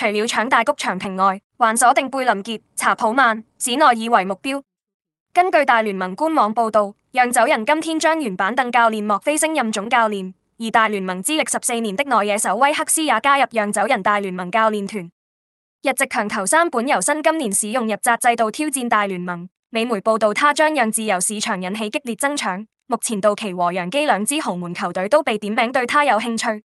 除了搶大谷翔平外，還鎖定貝林傑、查普曼、史奈爾為目標。根據大聯盟官網報道，釀酒人今天將原板凳教練莫非升任總教練，而大聯盟資歷十四年的內野手威克斯也加入釀酒人大聯盟教練團。日職強投山本由伸今年使用入札制度挑戰大聯盟，美媒報道他將讓自由市場引起激烈爭搶。目前道奇和洋基兩支豪門球隊都被點名對他有興趣。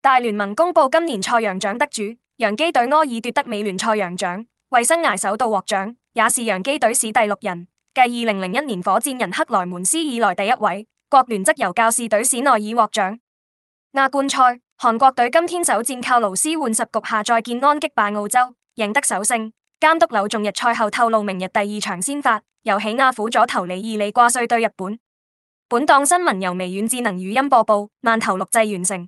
大聯盟公布今年賽揚獎得主。揚基隊柯二奪得美聯賽洋獎，為生涯首度獲獎，也是揚基隊史第六人，繼二零零一年火箭人克萊門斯以來第一位。國聯則由教士隊史內爾已獲獎。亞冠賽，韓國隊今天首戰靠盧斯換十局下再建安擊敗澳洲，贏得首勝。監督柳仲日賽後透露，明日第二場先發由起亞輔佐投李二李掛帥對日本。本檔新聞由微軟智能語音播報，慢投錄製完成。